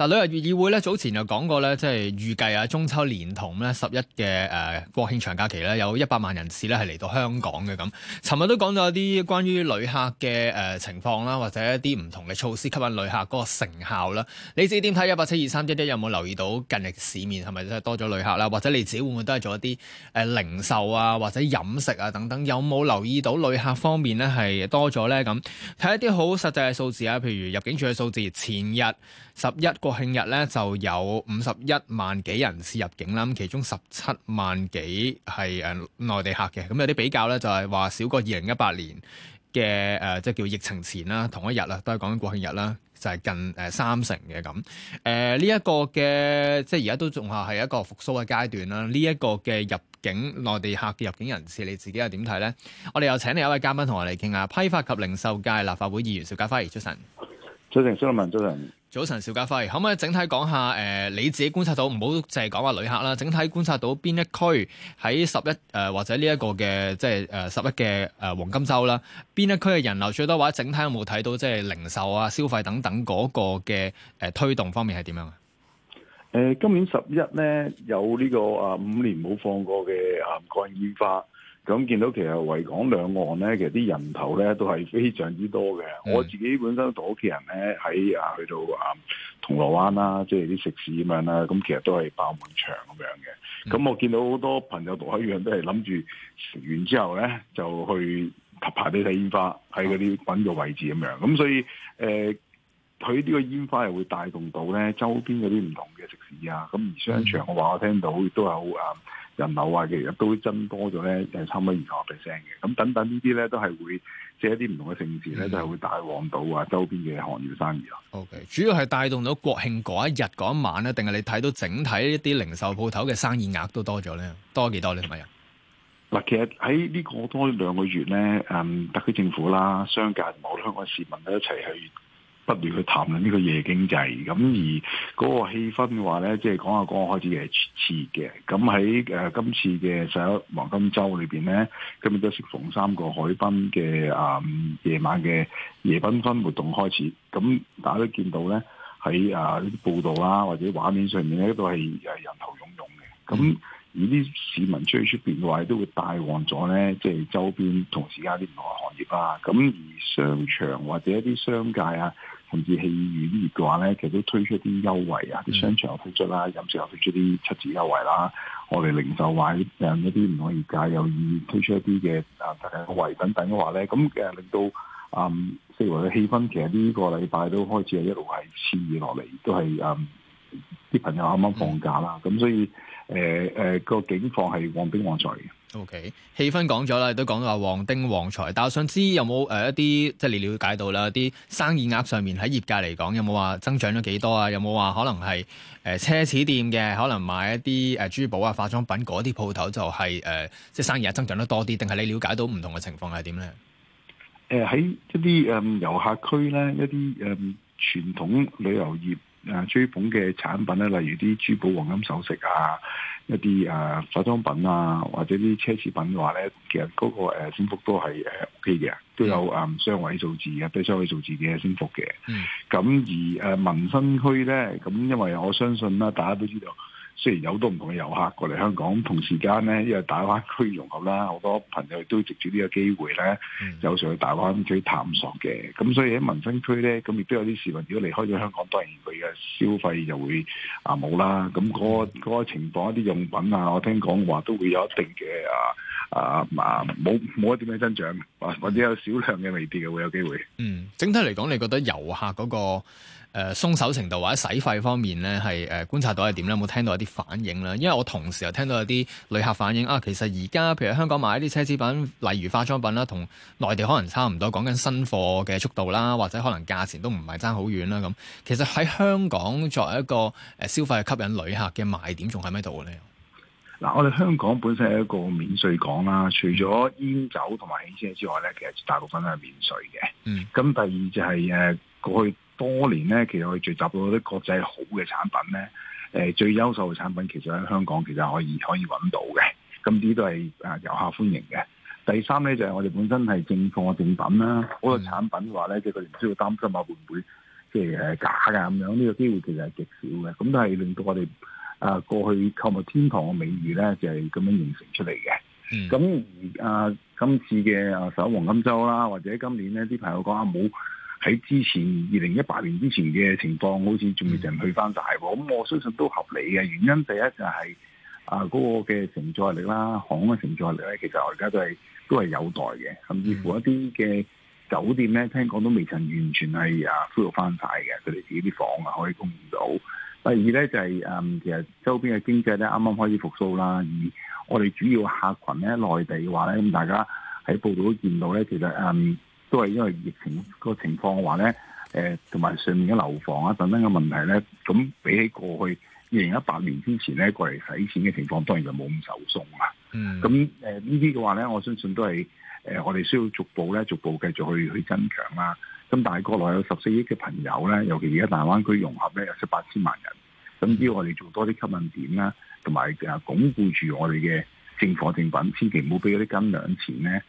嗱，旅遊業議會咧早前就講過咧，即係預計啊中秋連同咧十一嘅誒國慶長假期咧，有一百萬人次咧係嚟到香港嘅咁。尋日都講咗一啲關於旅客嘅誒、呃、情況啦，或者一啲唔同嘅措施吸引旅客嗰個成效啦。你自己點睇？一八七二三一一，有冇留意到近日市面係咪真係多咗旅客啦？或者你自己會唔會都係做一啲誒、呃、零售啊，或者飲食啊等等？有冇留意到旅客方面咧係多咗咧？咁睇一啲好實際嘅數字啊，譬如入境處嘅數字，前日十一國慶日咧就有五十一萬幾人次入境啦，咁其中十七萬幾係誒內地客嘅，咁有啲比較咧就係、是、話少過二零一八年嘅誒即係叫疫情前啦，同一日啦，都係講緊國慶日啦，就係、是、近誒、呃、三成嘅，咁。誒、呃、呢、這個、一個嘅即係而家都仲係係一個復蘇嘅階段啦。呢一個嘅入境內地客嘅入境人士，你自己又點睇咧？我哋又請另一位嘉賓同我哋傾下批發及零售界立法會議員邵家輝出陣。早晨，蘇立文早晨。出早晨，邵家輝，可唔可以整體講下誒、呃，你自己觀察到唔好淨係講話旅客啦，整體觀察到邊一區喺十一誒或者呢一個嘅即係誒十一嘅誒黃金週啦，邊一區嘅人流最多？或者整體有冇睇到即係、就是、零售啊、消費等等嗰個嘅誒、呃、推動方面係點樣？誒、呃，今年十一咧有呢、這個啊五、呃、年冇放過嘅啊國慶煙花。咁見到其實維港兩岸咧，其實啲人頭咧都係非常之多嘅。Mm. 我自己本身同屋企人咧喺啊，去到啊、嗯、銅鑼灣啦，即係啲食肆咁樣啦，咁、啊、其實都係爆滿場咁樣嘅。咁、mm. 我見到好多朋友同我一樣都係諗住食完之後咧就去及排啲睇煙花，喺嗰啲揾個位置咁樣。咁所以誒，佢、呃、呢個煙花係會帶動到咧周邊嗰啲唔同嘅食肆啊。咁而商場嘅話，我聽到亦都有啊。Mm. 人流啊，其實都增多咗咧，就係差唔多二十 percent 嘅。咁等等呢啲咧，都係會即係一啲唔同嘅盛事咧，就係會帶旺到啊周邊嘅行業生意咯。OK，主要係帶動到國慶嗰一日嗰一晚咧，定係你睇到整體一啲零售鋪頭嘅生意額都多咗咧？多幾多咧？係咪啊？嗱，其實喺呢個多兩個月咧，嗯，特區政府啦、商界同我哋香港市民都一齊去。不斷去談論呢個夜經濟，咁而嗰個氣氛嘅話咧，即係講下講下開始係熱嘅。咁喺誒今次嘅十一黃金周裏邊咧，今日都適逢三個海濱嘅啊、呃、夜晚嘅夜繽紛活動開始。咁大家都見到咧喺啊報道啦、啊，或者畫面上面咧都係誒人頭涌涌嘅。咁而啲市民出去出邊嘅話，都會帶旺咗咧，即係周邊同時間啲唔同嘅行業啊。咁而上場或者一啲商界啊。甚至戲院熱嘅話咧，其實都推出啲優惠啊，啲商場又推出啦，飲食又推出啲七折優惠啦，我哋零售位誒一啲唔同業界又已推出一啲嘅啊特惠等等嘅話咧，咁嘅令到嗯四圍嘅氣氛其實呢個禮拜都開始係一路係遷移落嚟，都係嗯啲朋友啱啱放假啦，咁、嗯、所以誒誒個境況係旺兵旺財嘅。O、okay. K，氣氛講咗啦，都講到話旺丁旺財。但我想知有冇誒一啲，即、就、係、是、你了解到啦，啲生意額上面喺業界嚟講有冇話增長咗幾多啊？有冇話可能係誒奢侈店嘅，可能買一啲誒珠寶啊、化妝品嗰啲鋪頭就係、是、誒，即、呃、係、就是、生意額增長得多啲，定係你了解到唔同嘅情況係點咧？誒喺、呃、一啲誒、嗯、遊客區咧，一啲誒、嗯、傳統旅遊業。誒追捧嘅產品咧，例如啲珠寶、黃金首飾啊，一啲誒、呃、化妝品啊，或者啲奢侈品嘅話咧，其實嗰、那個升幅、呃、都係誒 OK 嘅，都有誒、呃、雙位數字嘅，都雙位數字嘅升幅嘅。咁、嗯、而誒、呃、民生區咧，咁因為我相信啦，大家都知道。雖然有好多唔同嘅遊客過嚟香港，同時間咧因為大灣區融合啦，好多朋友都藉住呢個機會咧，嗯、有時候去大灣區探索嘅。咁所以喺民生區咧，咁亦都有啲市民如果離開咗香港，當然佢嘅消費就會啊冇啦。咁嗰、嗰個嗰個嗰個情況一啲用品啊，我聽講話都會有一定嘅啊啊啊冇冇一點嘅增長，或者有少量嘅微跌嘅會有機會。嗯，整體嚟講，你覺得遊客嗰、嗰個？誒鬆、呃、手程度或者洗費方面呢係誒、呃、觀察到係點呢？有冇聽到一啲反應呢？因為我同時又聽到有啲旅客反應啊，其實而家譬如香港買一啲奢侈品，例如化妝品啦，同內地可能差唔多，講緊新貨嘅速度啦，或者可能價錢都唔係爭好遠啦。咁其實喺香港作為一個誒消費吸引旅客嘅賣點，仲喺咩度呢？嗱、呃，我哋香港本身係一個免稅港啦，除咗煙酒同埋汽車之外呢，其實大部分都係免稅嘅。咁、嗯、第二就係、是、誒、呃、過去。多年咧，其實我哋聚集到啲國際好嘅產品咧，誒、呃、最優秀嘅產品，其實喺香港其實可以可以搵到嘅，咁呢啲都係啊遊客歡迎嘅。第三咧就係、是、我哋本身係正貨正品啦，好多產品話咧即係佢哋唔需要擔心話會唔會即係誒假嘅咁樣，呢、這個機會其實係極少嘅，咁都係令到我哋啊、呃、過去購物天堂嘅美譽咧就係、是、咁樣形成出嚟嘅。咁、嗯、而啊、呃、今次嘅啊首黃金周啦，或者今年呢啲朋友講下冇。喺之前二零一八年之前嘅情況，好似仲未曾去翻大喎。咁我相信都合理嘅原因，第一就係啊嗰個嘅承載力啦，航空嘅承載力咧，其實我而家都係都係有待嘅。咁，甚至乎一啲嘅酒店咧，聽講都未曾完全係啊恢復翻晒嘅，佢哋自己啲房啊可以供唔到。第二咧就係、是、誒、嗯，其實周邊嘅經濟咧啱啱開始復甦啦。而我哋主要客群咧，內地嘅話咧，咁大家喺報道都見到咧，其實誒。嗯都係因為疫情、嗰個情況嘅話咧，誒同埋上面嘅樓房啊等等嘅問題咧，咁比起過去二零一八年之前咧，過嚟使錢嘅情況，當然就冇咁手鬆啊。嗯。咁誒、呃、呢啲嘅話咧，我相信都係誒、呃、我哋需要逐步咧，逐步繼續去去增強啦、啊。咁但係國內有十四億嘅朋友咧，尤其而家大灣區融合咧有七八千萬人，咁只、嗯、要我哋做多啲吸引點啦、啊，同埋誒鞏固住我哋嘅正貨正品，千祈唔好俾嗰啲金兩錢咧。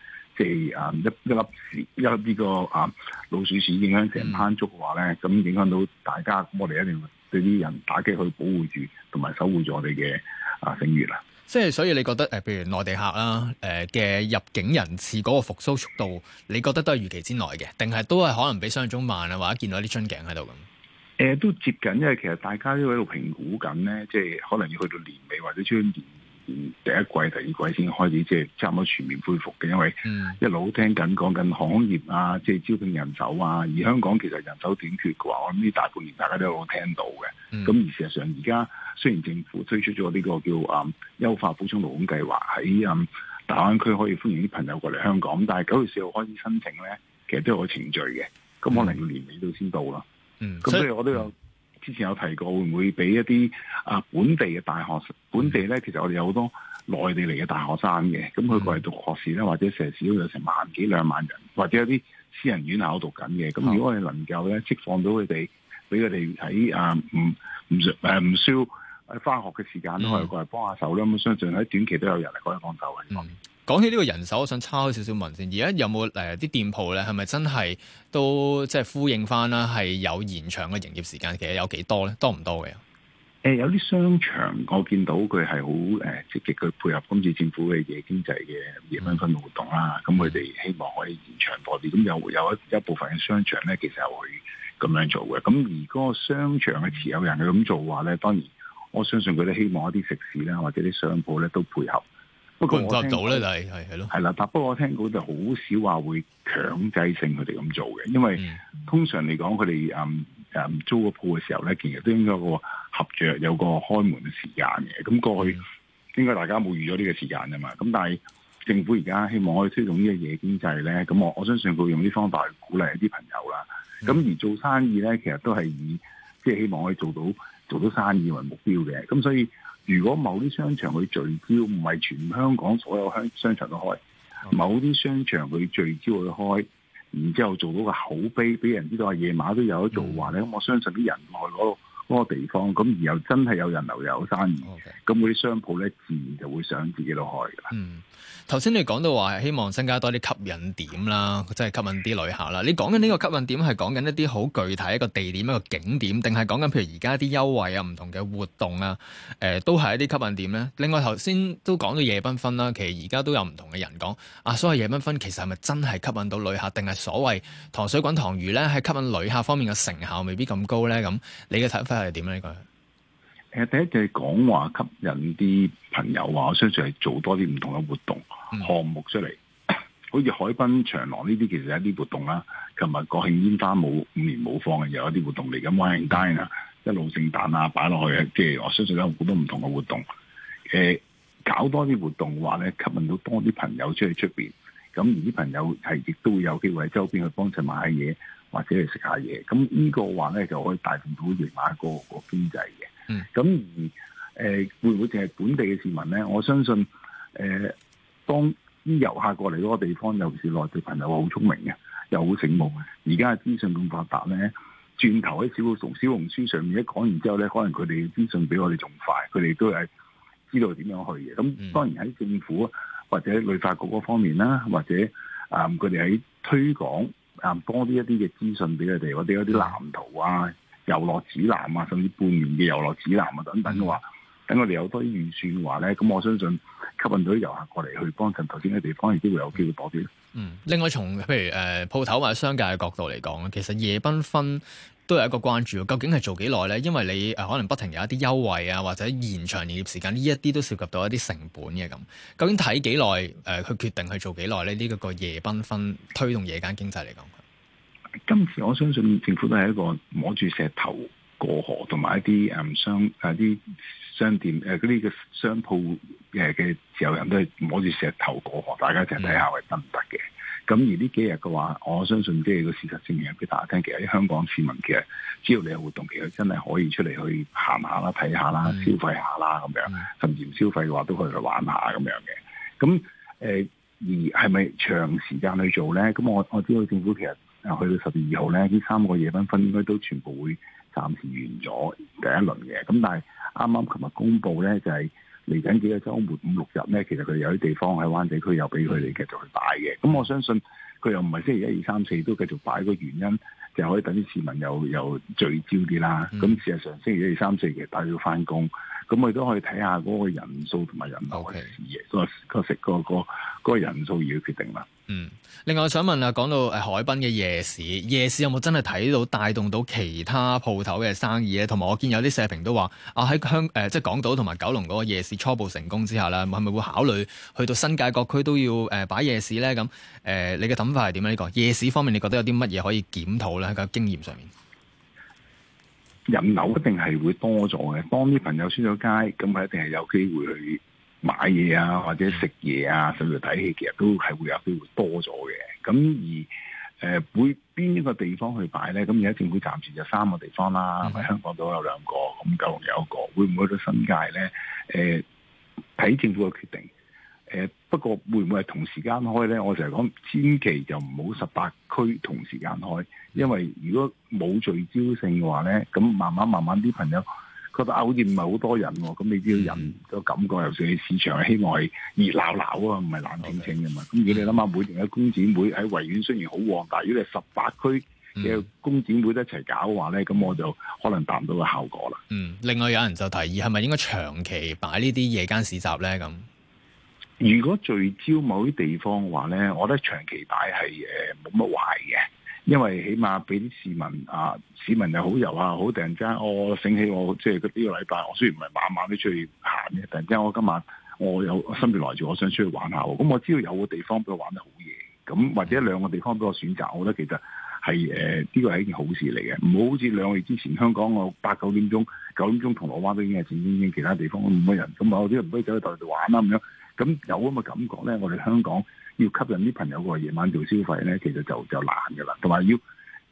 嘅啊一一粒一粒呢個啊老鼠屎影響成班粥嘅話咧，咁影響到大家，我哋一定要對啲人打擊去保護住同埋守護住我哋嘅啊聲譽啦。嗯嗯嗯、即係所以你覺得誒，譬如內地客啦，誒、呃、嘅入境人次嗰個復甦速度，你覺得都係預期之內嘅，定係都係可能比想像中慢啊，或者見到啲樽頸喺度咁？誒、呃、都接近，因為其實大家都喺度評估緊咧，即係可能要去到年尾或者出年。嗯、第一季、第二季先開始，即係差唔多全面恢復嘅，因為一路都聽緊講緊行業啊，即、就、係、是、招聘人手啊。而香港其實人手短缺嘅話，我諗呢大半年大家都有聽到嘅。咁、嗯、而事實上，而家雖然政府推出咗呢個叫啊優、嗯、化補充勞工計劃，喺啊、嗯、大灣區可以歡迎啲朋友過嚟香港，但係九月四號開始申請咧，其實都有個程序嘅，咁可能要年尾都先到咯。咁所以我都有。嗯之前有提過會唔會俾一啲啊本地嘅大學、嗯、本地咧，其實我哋有好多內地嚟嘅大學生嘅，咁佢過嚟讀學士咧、嗯、或者碩士都有成萬幾兩萬人，或者一啲私人院校讀緊嘅。咁如果我哋能夠咧釋放到佢哋，俾佢哋喺啊唔唔誒唔需要喺翻學嘅時間、嗯、都可以過嚟幫下手啦。咁相信喺短期都有人嚟幫一幫手喎。嗯嗯講起呢個人手，我想抄少少文先。而家有冇誒啲店鋪咧，係咪真係都即係呼應翻啦？係有延長嘅營業時間，其實有幾多咧？多唔多嘅？誒、呃，有啲商場我見到佢係好誒積極去配合今次政府嘅夜經濟嘅夜繽紛活動啦。咁佢哋希望可以延長多啲。咁、嗯、有有一一部分嘅商場咧，其實係會咁樣做嘅。咁如果商場嘅持有人咁做嘅話咧，當然我相信佢哋希望一啲食肆啦，或者啲商鋪咧都配合。不過我聽過到咧就係係係咯，係啦，的的但不過我聽到就好少話會強制性佢哋咁做嘅，因為、嗯、通常嚟講佢哋誒誒租個鋪嘅時候咧，其實都應該有個合約，有個開門嘅時間嘅。咁過去、嗯、應該大家冇預咗呢個時間啊嘛。咁但係政府而家希望可以推動呢個夜經濟咧，咁我我相信佢用呢方法嚟鼓勵一啲朋友啦。咁而做生意咧，其實都係以即係、就是、希望可以做到做到生意為目標嘅。咁所以。如果某啲商場佢聚焦，唔係全香港所有商場都開，某啲商場佢聚焦去開，然之後做到個口碑，俾人知道啊，夜晚都有得做嘅話咧，咁我相信啲人嚟嗰度。多個地方，咁而又真係有人流又有生意咁，嗰啲商鋪咧自然就會想自己度開嘅啦。嗯，頭先你講到話希望增加多啲吸引點啦，即係吸引啲旅客啦。你講緊呢個吸引點係講緊一啲好具體一個地點一個景點，定係講緊譬如而家啲優惠啊、唔同嘅活動啊，誒都係一啲吸引點咧。另外頭先都講到夜繽紛啦，其實而家都有唔同嘅人講啊，所謂夜繽紛其實係咪真係吸引到旅客，定係所謂糖水滾糖魚咧係吸引旅客方面嘅成效未必咁高咧？咁你嘅睇法？係點咧？佢，誒、呃，第一就係講話吸引啲朋友話，我相信係做多啲唔同嘅活動項、嗯、目出嚟，好似海濱長廊呢啲，其實一啲活動啦，同日國慶煙花冇五年冇放嘅，有一啲活動嚟。咁國 n e 啦，一路聖誕啊，擺落去，即、就、係、是、我相信有好多唔同嘅活動。誒、呃，搞多啲活動嘅話咧，吸引到多啲朋友出去出邊，咁而啲朋友係亦都有機會喺周邊去幫襯買嘢。或者係食下嘢，咁呢個話咧就可以帶動到夜晚個個經濟嘅。嗯、mm.，咁而誒會唔會淨係本地嘅市民咧？我相信誒、呃，當啲遊客過嚟嗰個地方，尤其是內地朋友，好聰明嘅，又好醒目嘅。而家資訊咁發達咧，轉頭喺小紅小紅書上面一講完之後咧，可能佢哋資訊比我哋仲快，佢哋都係知道點樣去嘅。咁當然喺政府或者旅發局嗰方面啦，或者啊佢哋喺推廣。啊，多啲一啲嘅資訊俾佢哋，或者一啲藍圖啊、遊樂指南啊，甚至半年嘅遊樂指南啊等等嘅話，等我哋有多啲預算嘅話咧，咁我相信吸引到啲遊客過嚟去幫襯頭先嘅地方，亦都會有機會多啲。嗯，另外從譬如誒、呃、鋪頭或者商界嘅角度嚟講啊，其實夜繽紛。都有一個關注，究竟係做幾耐咧？因為你誒可能不停有一啲優惠啊，或者延長營業時間，呢一啲都涉及到一啲成本嘅。咁究竟睇幾耐？誒、呃，佢決定去做幾耐咧？呢、這個個夜繽紛推動夜間經濟嚟講，今次我相信政府都係一個摸住石頭過河，同埋一啲誒、嗯、商誒啲、啊、商店誒嗰啲嘅商鋪誒嘅自由人都係摸住石頭過河，嗯、大家淨係睇下係得唔得嘅。咁而呢幾日嘅話，我相信即係個事實證明，俾大家聽，其實喺香港市民其實，只要你有活動，其實真係可以出嚟去行下啦、睇下啦、消費下啦咁樣， 甚至唔消費嘅話，都可以去玩下咁樣嘅。咁、嗯、誒，而係咪長時間去做咧？咁我我知道政府其實去到十月二號咧，呢三個夜市分，分應該都全部會暫時完咗第一輪嘅。咁但係啱啱琴日公布咧就係、是。嚟緊幾個週末五六日咧，其實佢哋有啲地方喺灣仔區又俾佢哋繼續去擺嘅。咁我相信佢又唔係星期一二三四都繼續擺，個原因就係、可以等啲市民有又，又聚焦啲啦。咁、嗯、事實上星期一二三四其實擺咗翻工。咁我亦都可以睇下嗰個人數同埋人流嘅事嘅，個人數而要決定啦。嗯，另外我想問啊，講到海濱嘅夜市，夜市有冇真係睇到帶動到其他鋪頭嘅生意咧？同埋我見有啲社評都話啊，喺香誒、呃、即係港島同埋九龍嗰個夜市初步成功之下啦，係咪會考慮去到新界各區都要誒、呃、擺夜市咧？咁誒、呃，你嘅諗法係點樣咧？呢、呢個夜市方面，你覺得有啲乜嘢可以檢討咧？喺、個經驗上面？人流一定係會多咗嘅，當啲朋友出咗街，咁係一定係有機會去買嘢啊，或者食嘢啊，甚至睇戲，其實都係會有機會多咗嘅。咁而誒、呃，會邊一個地方去擺咧？咁而家政府暫時就三個地方啦，喺、嗯、香港都有兩個，咁九龍有一個，會唔會去到新界咧？誒、呃，睇政府嘅決定。誒、呃，不過會唔會係同時間開咧？我成日講，千祈就唔好十八區同時間開，因為如果冇聚焦性嘅話咧，咁慢慢慢慢啲朋友覺得好似唔係好多人、哦，咁你知要人個感覺，嗯、尤其是市場希望係熱鬧鬧啊，唔係冷清清嘅嘛。咁、嗯、如果你諗下每年嘅工展會喺維園雖然好旺，但如果你十八區嘅工展會一齊搞嘅話咧，咁我就可能達唔到個效果啦。嗯，另外有人就提議，係咪應該長期擺呢啲夜間市集咧？咁？如果聚焦某啲地方嘅話咧，我覺得長期帶係誒冇乜壞嘅，因為起碼俾啲市民啊，市民又好遊啊，好突然間我、哦、醒起我，即係呢、呢個禮拜我雖然唔係晚晚都出去行嘅，突然間我今晚我有心血來潮，我想出去玩下喎。咁、嗯、我知道有個地方俾我玩得好嘢，咁或者兩個地方俾我選擇，我覺得其實係誒呢個係一件好事嚟嘅，唔好好似兩個月之前香港我八九點鐘、九點鐘銅鑼灣都已經係整滿，其他地方都冇乜人，咁我哋唔可以走去台度玩啦。咁樣。咁有咁嘅感覺咧，我哋香港要吸引啲朋友過夜晚做消費咧，其實就就難㗎啦。同埋要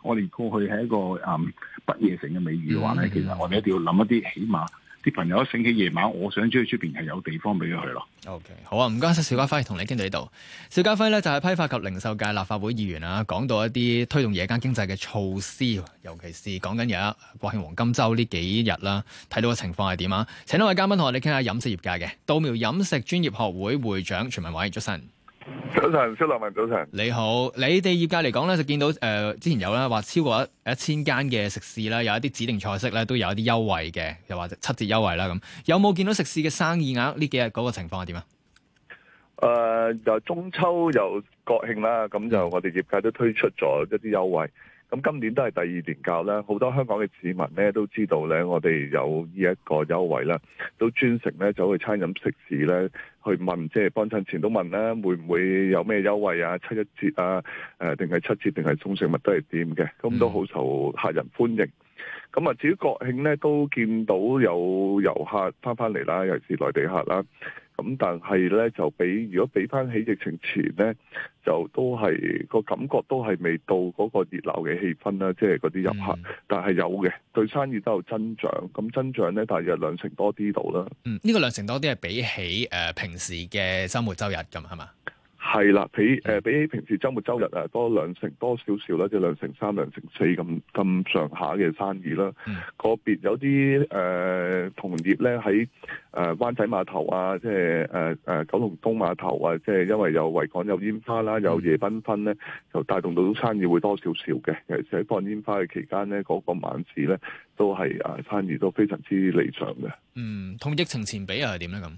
我哋過去係一個啊不夜城嘅美譽嘅話咧，嗯、其實我哋一定要諗一啲起碼。啲朋友都醒起夜晚，我想出去出邊係有地方俾佢咯。OK，好啊，唔該晒邵家輝，同你傾到呢度。邵家輝咧就係、是、批發及零售界立法會議員啊，講到一啲推動夜間經濟嘅措施，尤其是講緊而家國慶黃金周呢幾日啦，啊，睇到嘅情況係點啊？請多位嘉賓同我哋傾下飲食業界嘅，稻苗飲食專業學會會，會長徐汶緯出身。早晨，蕭立文，早晨，你好，你哋業界嚟講咧就見到誒、呃，之前有咧話超過一一千間嘅食肆啦，有一啲指定菜式咧都有一啲優惠嘅，又或者七折優惠啦咁，有冇見到食肆嘅生意額呢？幾日嗰個情況係點啊？誒，又中秋又國慶啦，咁就我哋業界都推出咗一啲優惠。咁今年都係第二年教啦。好多香港嘅市民咧都知道咧，我哋有呢一個優惠啦，都專程咧走去餐飲食肆咧去問，即係幫襯前都問啦，會唔會有咩優惠啊？七一折啊？誒、呃，定係七折定係送食物都係點嘅？咁都好受客人歡迎。咁啊，至於國慶咧，都見到有遊客返返嚟啦，尤其是內地客啦。咁但係咧就比如果比翻起疫情前咧，就都係個感覺都係未到嗰個熱鬧嘅氣氛啦，即係嗰啲入客，嗯、但係有嘅，對生意都有增長。咁增長咧，大約兩成多啲度啦。嗯、呢、這個兩成多啲係比起誒、呃、平時嘅週末週日咁係嘛？係啦，比誒、呃、比起平時周末周日啊多兩成多少少啦，即係兩成三、兩成四咁咁上下嘅生意啦。嗯、個別有啲誒、呃、同業咧喺誒灣仔碼頭啊，即係誒誒九龍東碼頭啊，即係因為有維港有煙花啦，有夜繽紛咧，就帶動到生意會多少少嘅。尤其是喺放煙花嘅期間咧，嗰、那個晚市咧都係啊生意都非常之理想嘅。嗯，同疫情前比又係點咧咁？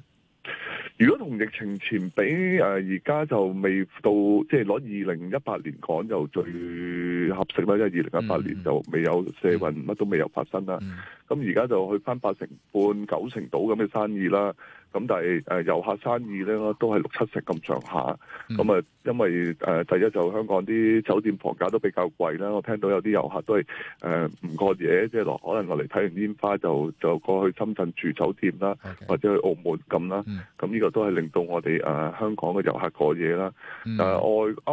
如果同疫情前比，誒而家就未到，即係攞二零一八年講就最合適啦，因為二零一八年就未有社運，乜、嗯、都未有發生啦。咁而家就去翻八成半、九成度咁嘅生意啦。咁但係誒遊客生意咧都係六七成咁上下，咁啊、嗯、因為誒、呃、第一就香港啲酒店房價都比較貴啦，我聽到有啲遊客都係誒唔過夜，即係落可能落嚟睇完煙花就就過去深圳住酒店啦，Okay. 或者去澳門咁啦，咁呢、嗯、個都係令到我哋誒、呃、香港嘅遊客過夜啦。誒外、嗯呃、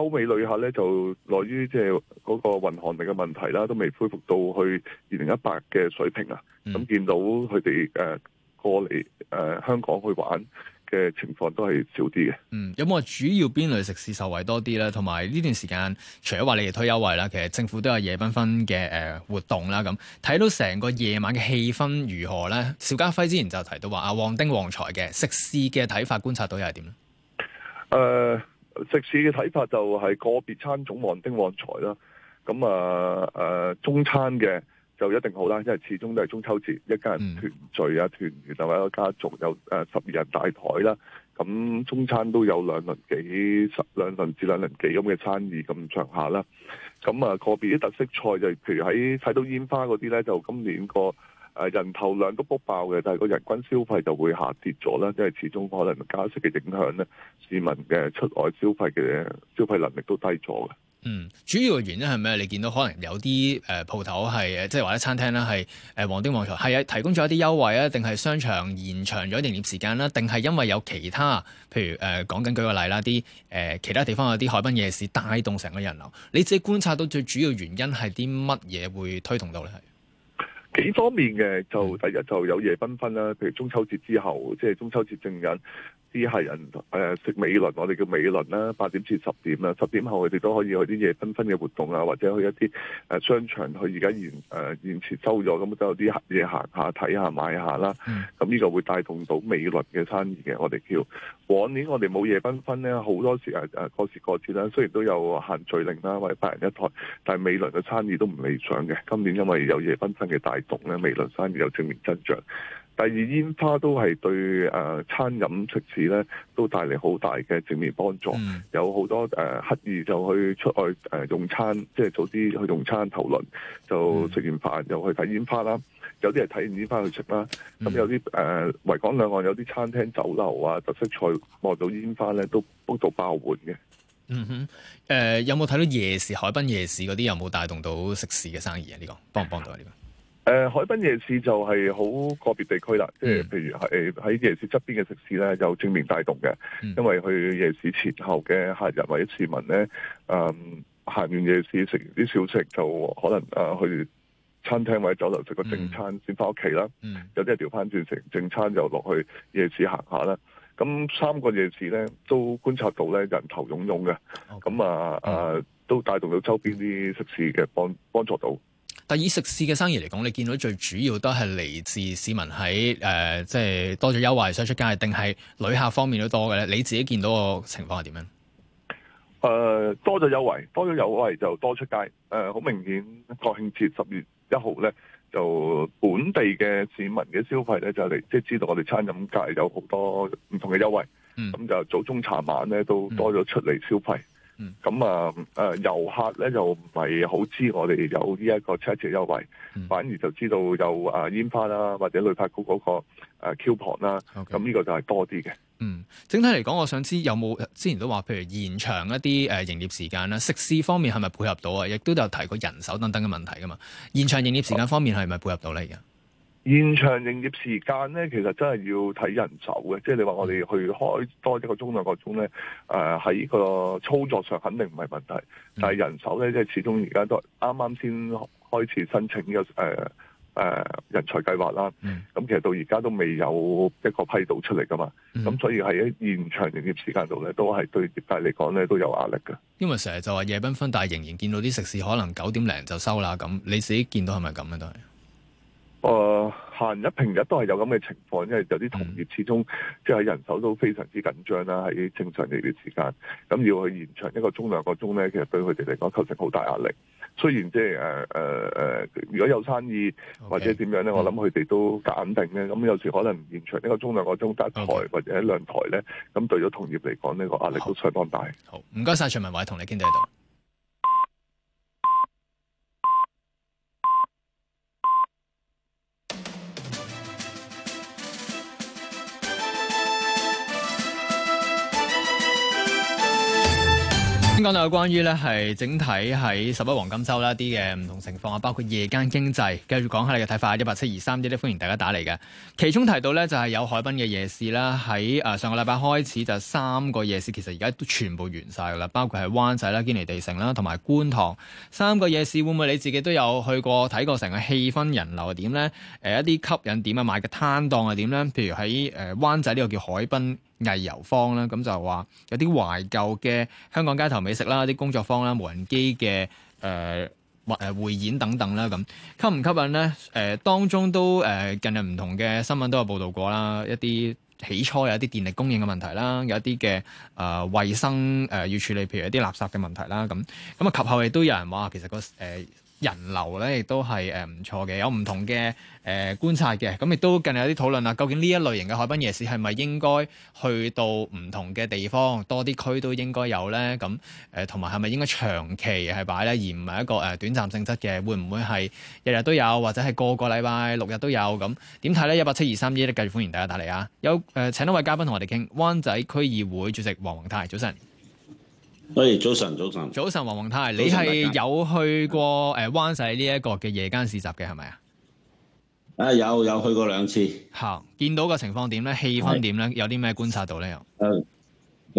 歐美旅客咧就來於即係嗰個運航力嘅問題啦，都未恢復到去二零一八嘅水平啊。咁、嗯嗯、見到佢哋誒。呃呃過嚟誒、呃、香港去玩嘅情況都係少啲嘅。嗯，有冇話主要邊類食肆受惠多啲咧？同埋呢段時間除咗話你哋推優惠啦，其實政府都有夜繽紛嘅誒活動啦。咁睇到成個夜晚嘅氣氛如何咧？邵家輝之前就提到話啊，旺丁旺財嘅食肆嘅睇法觀察到又係點咧？誒，食肆嘅睇法就係個別餐種旺丁旺財啦。咁啊誒，中餐嘅。就一定好啦，因為始終都係中秋節，一家人團聚啊、團圓啊，或者家族有誒十二人大台啦，咁中餐都有兩輪幾十兩輪至兩輪幾咁嘅餐椅咁上下啦，咁、那、啊個別啲特色菜就譬如喺睇到煙花嗰啲咧，就今年個誒人頭量都 book 爆嘅，但係個人均消費就會下跌咗啦，因為始終可能加息嘅影響咧，市民嘅出外消費嘅消費能力都低咗嘅。嗯，主要嘅原因係咩？你見到可能有啲誒鋪頭係誒，即、呃、係或者餐廳啦，係誒旺丁旺財，係啊，提供咗一啲優惠啊，定係商場延長咗營業時間啦，定係因為有其他，譬如誒講緊舉個例啦，啲、呃、誒其他地方有啲海濱夜市帶動成個人流，你自己觀察到最主要原因係啲乜嘢會推動到咧？係幾方面嘅，就第日就有夜繽紛啦，譬如中秋節之後，即係中秋節正日。啲客人誒食美輪，我哋叫美輪啦。八點至十點啦，十點後佢哋都可以去啲夜繽紛嘅活動啊，或者去一啲誒商場。佢而家延誒延遲收咗，咁都有啲客嘢行下睇下買下啦。咁呢個會帶動到美輪嘅生意嘅。我哋叫往年我哋冇夜繽紛咧，好多時誒過時過節啦，雖然都有限聚令啦，或者八人一台，但係美輪嘅生意都唔理想嘅。今年因為有夜繽紛嘅帶動咧，美輪生意有正面增長。第二，煙花都係對誒、呃、餐飲食肆咧都帶嚟好大嘅正面幫助，嗯、有好多誒刻意就去出去誒用餐，即、呃、係早啲去用餐頭輪，就食完飯又、嗯、去睇煙花啦。有啲係睇完煙花去食啦，咁、呃嗯、有啲誒、呃、維港兩岸有啲餐廳酒樓啊，特色菜望到煙花咧都幫到爆滿嘅。嗯哼，誒、呃、有冇睇到夜市海濱夜市嗰啲有冇帶動到食肆嘅生意啊？呢個幫唔幫到啊？呢 個樂？誒、呃、海濱夜市就係好個別地區啦，即係、嗯、譬如喺喺、呃、夜市側邊嘅食肆咧，有正面帶動嘅，因為去夜市前後嘅客人或者市民咧，誒、呃、行完夜市食完啲小食，就可能誒、呃、去餐廳或者酒樓食個正餐、嗯、先翻屋企啦。嗯嗯、有啲係調翻轉食正餐又落去夜市行下啦。咁三個夜市咧都觀察到咧人頭湧湧嘅，咁啊啊都帶動到周邊啲食肆嘅幫幫助到。但以食肆嘅生意嚟講，你見到最主要都係嚟自市民喺，誒、呃、即係多咗優惠，想出街，定係旅客方面都多嘅咧？你自己見到個情況係點樣？誒、呃、多咗優惠，多咗優惠就多出街。誒、呃、好明顯，國慶節十月一號咧，就本地嘅市民嘅消費咧，就嚟即係知道我哋餐飲界有好多唔同嘅優惠。嗯，咁就早中茶晚咧都多咗出嚟消費。嗯嗯咁啊，誒遊客咧就唔係好知我哋有呢一個七折優惠，嗯、反而就知道有啊煙花啦，或者旅發局嗰個 coupon、啊、啦，咁呢個就係多啲嘅。嗯，整體嚟講，我想知有冇之前都話，譬如延長一啲誒營業時間啦，食肆方面係咪配合到啊？亦都有提過人手等等嘅問題㗎嘛。延長營業時間方面係咪配合到咧？而家、啊？現場營業時間咧，其實真係要睇人手嘅。即係你話我哋去開多一個鐘兩個鐘咧，誒、呃、喺個操作上肯定唔係問題，嗯、但係人手咧，即係始終而家都啱啱先開始申請嘅誒誒人才計劃啦。咁、嗯、其實到而家都未有一個批到出嚟噶嘛，咁、嗯、哼所以喺現場營業時間度咧，都係對業界嚟講咧都有壓力嘅。因為成日就話夜繽紛，但係仍然見到啲食肆可能九點零就收啦。咁你自己見到係咪咁咧？都係。誒，閒日、呃、平日都係有咁嘅情況，因為有啲同業始終即係人手都非常之緊張啦，喺、嗯、正常呢段時間，咁要去延長一個鐘兩個鐘呢，其實對佢哋嚟講構成好大壓力。雖然即係誒誒誒，如果有生意或者點樣呢，okay, 我諗佢哋都揀定呢。咁有時可能延長一個鐘兩個鐘得一台或者一兩台呢，咁 Okay,、嗯、對咗同業嚟講呢個壓力都相當大。好，唔該晒，徐汶緯同你傾到。喺度。先講到關於咧，係整體喺十一黃金周啦，啲嘅唔同情況啊，包括夜間經濟，繼續講下你嘅睇法。一八七二三一咧，歡迎大家打嚟嘅。其中提到咧，就係有海濱嘅夜市啦，喺誒上個禮拜開始就三個夜市，其實而家都全部完晒噶啦，包括係灣仔啦、堅尼地城啦、同埋觀塘三個夜市，會唔會你自己都有去過睇過？成個氣氛、人流係點咧？誒，一啲吸引點啊，買嘅攤檔係點咧？譬如喺誒灣仔呢個叫海濱。藝遊坊啦，咁就話有啲懷舊嘅香港街頭美食啦，啲工作坊啦，無人機嘅誒誒匯演等等啦，咁吸唔吸引咧？誒、呃、當中都誒、呃、近日唔同嘅新聞都有報導過啦，一啲起初有一啲電力供應嘅問題啦，有一啲嘅誒衞生誒、呃、要處理，譬如一啲垃圾嘅問題啦，咁咁啊及後亦都有人話其實，嗰個誒。呃人流咧亦都係誒唔錯嘅，有唔同嘅誒、呃、觀察嘅，咁亦都近日有啲討論啦。究竟呢一類型嘅海濱夜市係咪應該去到唔同嘅地方，多啲區都應該有呢？咁誒同埋係咪應該長期係擺呢？而唔係一個誒、呃、短暫性質嘅？會唔會係日日都有，或者係個個禮拜六日都有？咁點睇呢？一百七二三二咧，繼續歡迎大家打嚟啊！有誒、呃、請一位嘉賓同我哋傾，灣仔區議會主席黃宏泰早晨。哎、hey，早晨，早晨。早晨，黃宏泰，你係有去過誒灣、呃、仔呢一個嘅夜間市集嘅係咪啊？啊，有有去過兩次。吓，見到個情況點咧？氣氛點咧？有啲咩觀察到咧？又，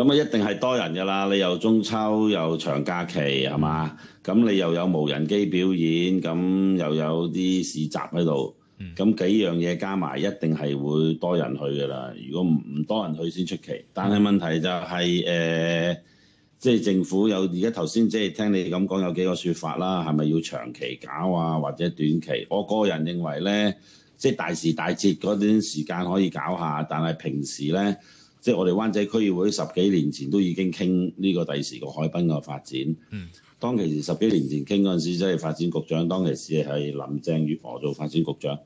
咁啊，一定係多人噶啦！你又中秋又長假期係嘛？咁你又有無人機表演，咁又有啲市集喺度，咁幾樣嘢加埋，一定係會多人去噶啦。如果唔唔多人去先出奇，但係問題就係、是、誒。呃嗯即係政府有而家頭先，即係聽你咁講有幾個説法啦，係咪要長期搞啊，或者短期？我個人認為呢，即係大時大節嗰段時間可以搞下，但係平時呢，即係我哋灣仔區議會十幾年前都已經傾呢個第時個海濱嘅發展。嗯。當其時十幾年前傾嗰陣時，即係發展局長當其時係林鄭月娥做發展局長，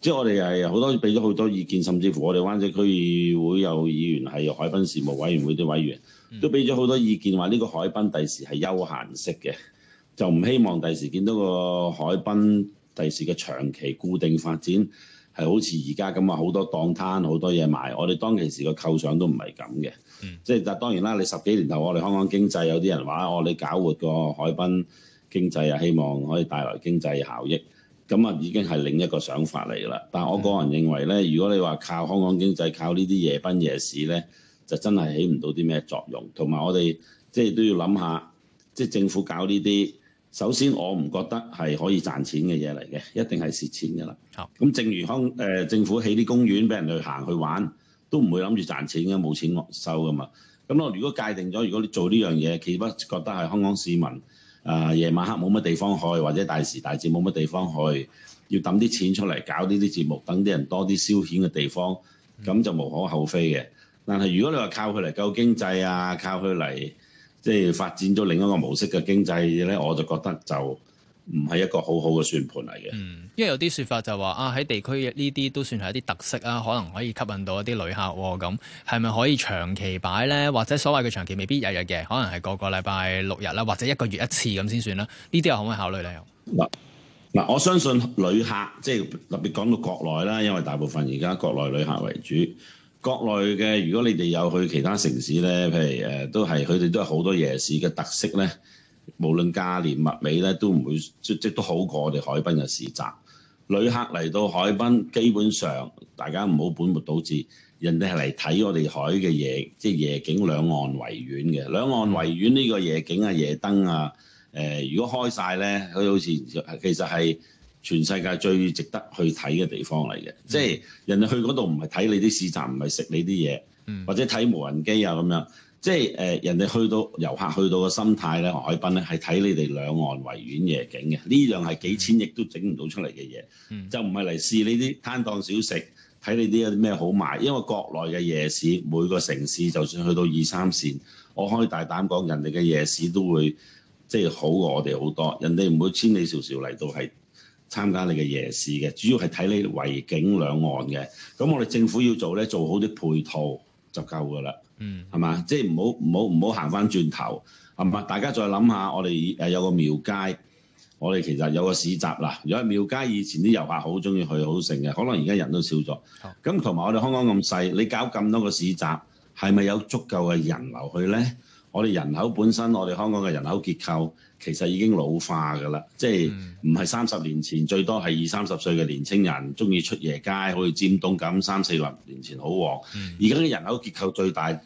即係我哋又係好多俾咗好多意見，甚至乎我哋灣仔區議會有議員係海濱事務委員會啲委員。都俾咗好多意見，話呢個海濱第時係休閒式嘅， 就唔希望第時見到個海濱第時嘅長期固定發展係好似而家咁啊，好多檔攤，好多嘢賣。我哋當其時個構想都唔係咁嘅， 即係但當然啦，你十幾年後我哋香港經濟有啲人話我哋搞活個海濱經濟啊，希望可以帶來經濟效益，咁啊已經係另一個想法嚟啦。但係我個人認為咧，如果你話靠香港經濟靠呢啲夜濱夜市咧，就真係起唔到啲咩作用，同埋我哋即係都要諗下，即係政府搞呢啲。首先我唔覺得係可以賺錢嘅嘢嚟嘅，一定係蝕錢㗎啦。咁的正如康誒、呃、政府起啲公園俾人去行去玩，都唔會諗住賺錢嘅，冇錢收㗎嘛。咁我如果界定咗，如果你做呢樣嘢，豈不覺得係香港市民啊夜、呃、晚黑冇乜地方去，或者大時大節冇乜地方去，要揼啲錢出嚟搞呢啲節目，等啲人多啲消遣嘅地方，咁、嗯、就無可厚非嘅。但係如果你話靠佢嚟救經濟啊，靠佢嚟即係發展咗另一個模式嘅經濟咧，我就覺得就唔係一個好好嘅算盤嚟嘅。嗯，因為有啲説法就話啊，喺地區呢啲都算係一啲特色啊，可能可以吸引到一啲旅客喎、啊。咁係咪可以長期擺咧？或者所謂嘅長期未必日日嘅，可能係個個禮拜六日啦、啊，或者一個月一次咁先算啦、啊。呢啲又可唔可以考慮咧？嗱嗱、嗯嗯，我相信旅客即係特別講到國內啦，因為大部分而家國內旅客為主。國內嘅，如果你哋有去其他城市咧，譬如誒，都係佢哋都係好多夜市嘅特色咧，無論價廉物美咧，都唔會即即都好過我哋海濱嘅市集。旅客嚟到海濱，基本上大家唔好本末倒置，人哋係嚟睇我哋海嘅夜，即係夜景兩岸圍遠嘅兩岸圍遠呢個夜景啊、夜燈啊，誒，如果開晒咧，佢好似其實係，全世界最值得去睇嘅地方嚟嘅，即係、呃、人哋去嗰度唔係睇你啲市集，唔係食你啲嘢，或者睇無人機啊咁樣，即係誒人哋去到遊客去到嘅心態咧，海濱咧係睇你哋兩岸維園夜景嘅，呢樣，係幾千億都整唔到出嚟嘅嘢，嗯、就唔係嚟試你啲攤檔小食，睇你啲有啲咩好賣，因為國內嘅夜市每個城市就算去到二三線，我可以大膽講，人哋嘅夜市都會即係好過我哋好多。人哋唔會千里迢迢嚟到係。參加你嘅夜市嘅，主要係睇你維港兩岸嘅。咁我哋政府要做咧，做好啲配套就夠噶啦。嗯，係嘛？即係唔好唔好唔好行翻轉頭。係咪？大家再諗下，我哋誒有個廟街，我哋其實有個市集喇。如果廟街以前啲遊客好中意去，好盛嘅，可能而家人都少咗。咁同埋我哋香港咁細，你搞咁多個市集，係咪有足夠嘅人流去咧？我哋人口本身，我哋香港嘅人口結構其實已經老化㗎啦，即係唔係三十年前最多係二三十歲嘅年青人中意出夜街，好似尖東咁，三四十年前好旺，而家嘅人口結構最大。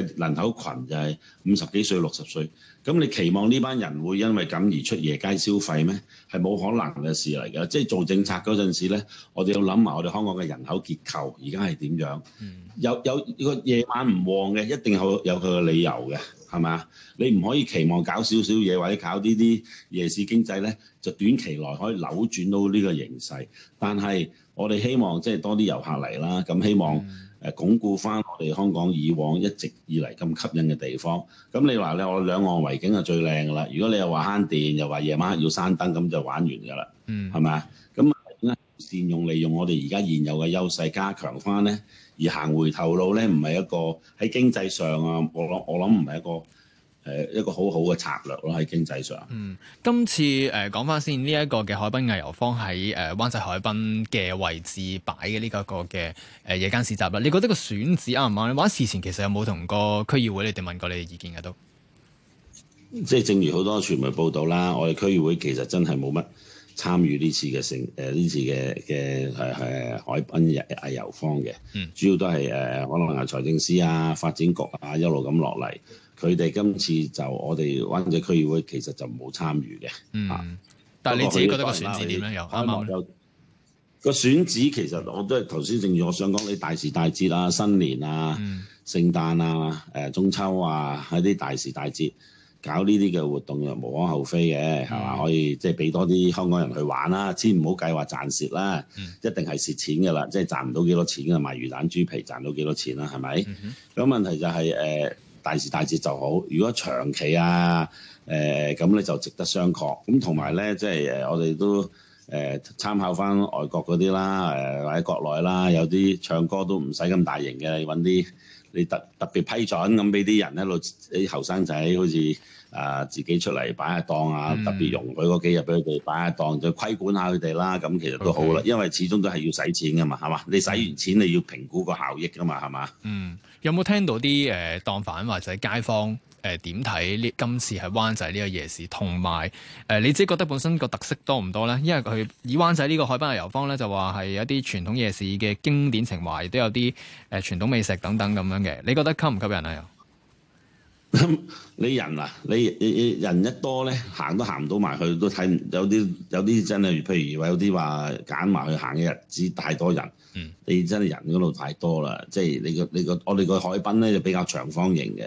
人口群就係五十幾歲六十歲，咁你期望呢班人會因為咁而出夜街消費咩？係冇可能嘅事嚟嘅，即係做政策嗰陣時咧，我哋要諗埋我哋香港嘅人口結構，而家係點樣？嗯、有有、呢個夜晚唔旺嘅，一定有有佢嘅理由嘅，係咪啊？你唔可以期望搞少少嘢或者搞呢啲夜市經濟咧，就短期內可以扭轉到呢個形勢。但係我哋希望即係多啲遊客嚟啦，咁希望。誒，鞏固翻我哋香港以往一直以嚟咁吸引嘅地方。咁你話咧，我兩岸維景就最靚噶啦。如果你又話慳電，又話夜晚要閂燈，咁就玩完噶啦。嗯，係咪啊？咁啊，善用利用我哋而家現有嘅優勢，加強翻咧，而行回頭路咧，唔係一個喺經濟上啊。我諗我諗唔係一個。誒一個好好嘅策略啦，喺經濟上。嗯，今次誒講翻先呢一、這個嘅海濱藝遊坊，喺、呃、誒灣仔海濱嘅位置擺嘅呢個嘅誒夜間市集啦。你覺得個選址啱唔啱咧？玩事前其實有冇同個區議會你哋問過你哋意見嘅都？即係、嗯、正如好多傳媒報道啦，我哋區議會其實真係冇乜參與呢次嘅成誒呢、呃、次嘅嘅係係海濱藝遊坊嘅。嗯、主要都係誒、啊、可能係財政司啊、發展局啊一路咁落嚟。佢哋今次就我哋灣仔區議會其實就冇參與嘅，嗯，啊、但係你自己覺得個選址點樣呢？有啱唔個選址其實我都係頭先正如我想講，你大時大節啦、啊、新年啊、嗯、聖誕啊、誒、呃、中秋啊，喺啲大時大節搞呢啲嘅活動，又無可厚非嘅，係嘛、嗯？可以即係俾多啲香港人去玩、啊、啦，先唔好計劃賺蝕啦，一定係蝕錢嘅啦，即係賺唔到幾多錢啊，賣魚蛋豬皮，賺到幾多錢啦、啊？係咪？咁問題就係、是、誒。呃大時大節就好，如果長期啊，誒咁咧就值得商榷。咁同埋咧，即係誒我哋都誒、呃、參考翻外國嗰啲啦，誒、呃、或者國內啦，有啲唱歌都唔使咁大型嘅，你揾啲。你特特別批准咁俾啲人一路，啲後生仔好似啊、呃、自己出嚟擺下檔啊，嗯、特別容許嗰幾日俾佢哋擺下檔，就規管下佢哋啦。咁其實都好啦，Okay. 因為始終都係要使錢噶嘛，係嘛？你使完錢、嗯、你要評估個效益噶嘛，係嘛？嗯，有冇聽到啲誒檔販或者街坊？誒點睇呢？今次喺灣仔呢個夜市，同埋誒你自己覺得本身個特色多唔多咧？因為佢以灣仔呢個海濱遊方咧，就話係有啲傳統夜市嘅經典情懷，亦都有啲誒、呃、傳統美食等等咁樣嘅。你覺得吸唔吸引啊、嗯？你人啊，你，你，你人一多咧，行都行唔到埋去，都睇唔有啲有啲真係，譬如話有啲話揀埋去行嘅日子太多人，嗯、你真係人嗰度太多啦。即係你個你個我哋個海濱咧就比較長方形嘅。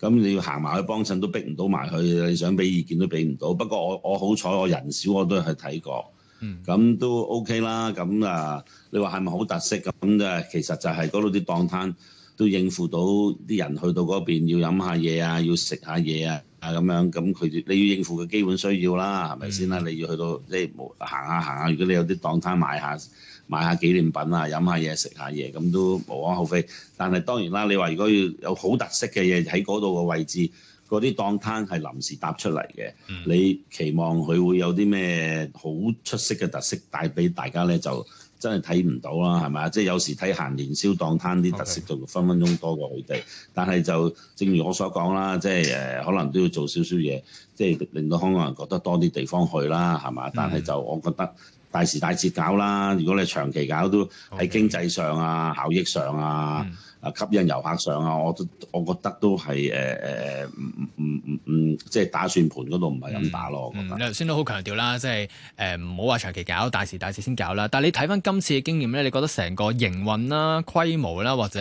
咁、嗯、你要行埋去幫襯都逼唔到埋去，你想俾意見都俾唔到。不過我我好彩，我人少我都係去睇過，咁、嗯、都 O、OK、K 啦。咁啊，你話係咪好特色咁誒、啊？其實就係嗰度啲檔攤都應付到啲人去到嗰邊要飲下嘢啊，要食下嘢啊，啊咁樣咁佢你要應付嘅基本需要啦，係咪先啦？你要去到即係行下行下，如果你有啲檔攤買下，買下紀念品啊，飲下嘢食下嘢咁都無可厚非。但係當然啦，你話如果要有好特色嘅嘢喺嗰度嘅位置，嗰啲檔攤係臨時搭出嚟嘅，嗯、你期望佢會有啲咩好出色嘅特色帶俾大家咧，就真係睇唔到啦，係咪啊？即係有時睇閒年宵檔攤啲特色就會分分鐘多過佢哋。Okay. 但係就正如我所講啦，即係誒，可能都要做少少嘢，即係令到香港人覺得多啲地方去啦，係嘛？嗯、但係就我覺得。大時大節搞啦，如果你長期搞都喺經濟上啊、效益上啊、啊、嗯、吸引遊客上啊，我都我覺得都係誒誒唔唔唔即係打算盤嗰度唔係咁打咯。你頭先都好強調啦，即係誒唔好話長期搞，大時大節先搞啦。但係你睇翻今次嘅經驗咧，你覺得成個營運啦、規模啦，或者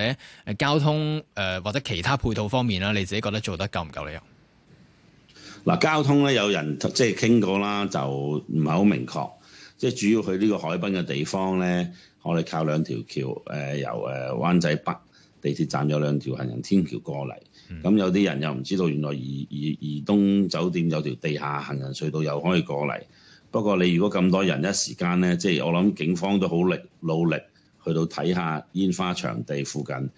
交通誒、呃、或者其他配套方面啦，你自己覺得做得夠唔夠理由？嗱、嗯，交通咧有人即係傾過啦，就唔係好明確。即係主要去呢個海濱嘅地方咧，我哋靠兩條橋誒由誒灣仔北地鐵站有兩條行人天橋過嚟，咁、嗯嗯、有啲人又唔知道原來移移移東酒店有條地下行人隧道又可以過嚟。不過你如果咁多人一時間咧，即係我諗警方都好力努力去到睇下煙花場地附近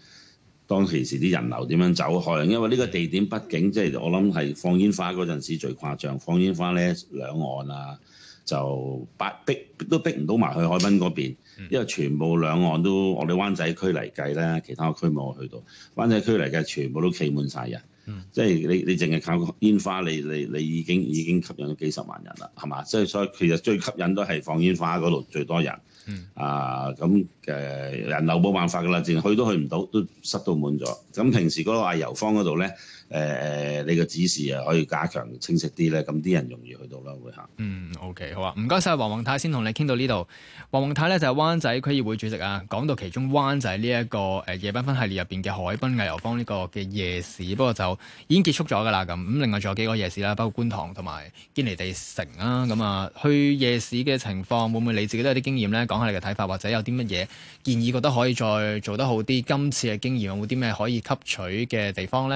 當其時啲人流點樣走開，因為呢個地點畢竟即係我諗係放煙花嗰陣時最誇張放煙花咧兩岸啊。就逼逼都逼唔到埋去海濱嗰邊，嗯、因為全部兩岸都我哋灣仔區嚟計咧，其他個區冇去到。灣仔區嚟計全部都企滿晒人，嗯、即係你你淨係靠煙花，你你你已經已經吸引咗幾十萬人啦，係嘛？所以所以其實最吸引都係放煙花嗰度最多人，嗯、啊咁誒、呃，人流冇辦法噶啦，連去都去唔到，都塞到滿咗。咁平時嗰個藝遊坊嗰度咧，誒、呃、誒，你個指示啊，可以加強清晰啲咧，咁啲人容易去到啦，會吓。嗯，OK，好啊，唔該晒，黃宏泰，先同你傾到呢度。黃宏泰咧就係、是、灣仔區議會主席啊。講到其中灣仔呢、這、一個誒、呃、夜繽紛系列入邊嘅海濱藝遊坊呢個嘅夜市，不過就已經結束咗㗎啦。咁咁，另外仲有幾個夜市啦、啊，包括觀塘同埋堅尼地城啦、啊。咁啊，去夜市嘅情況會唔會你自己都有啲經驗咧？講下你嘅睇法，或者有啲乜嘢建議，覺得可以再做得好啲。今次嘅經驗有冇啲咩可以吸取的地方呢。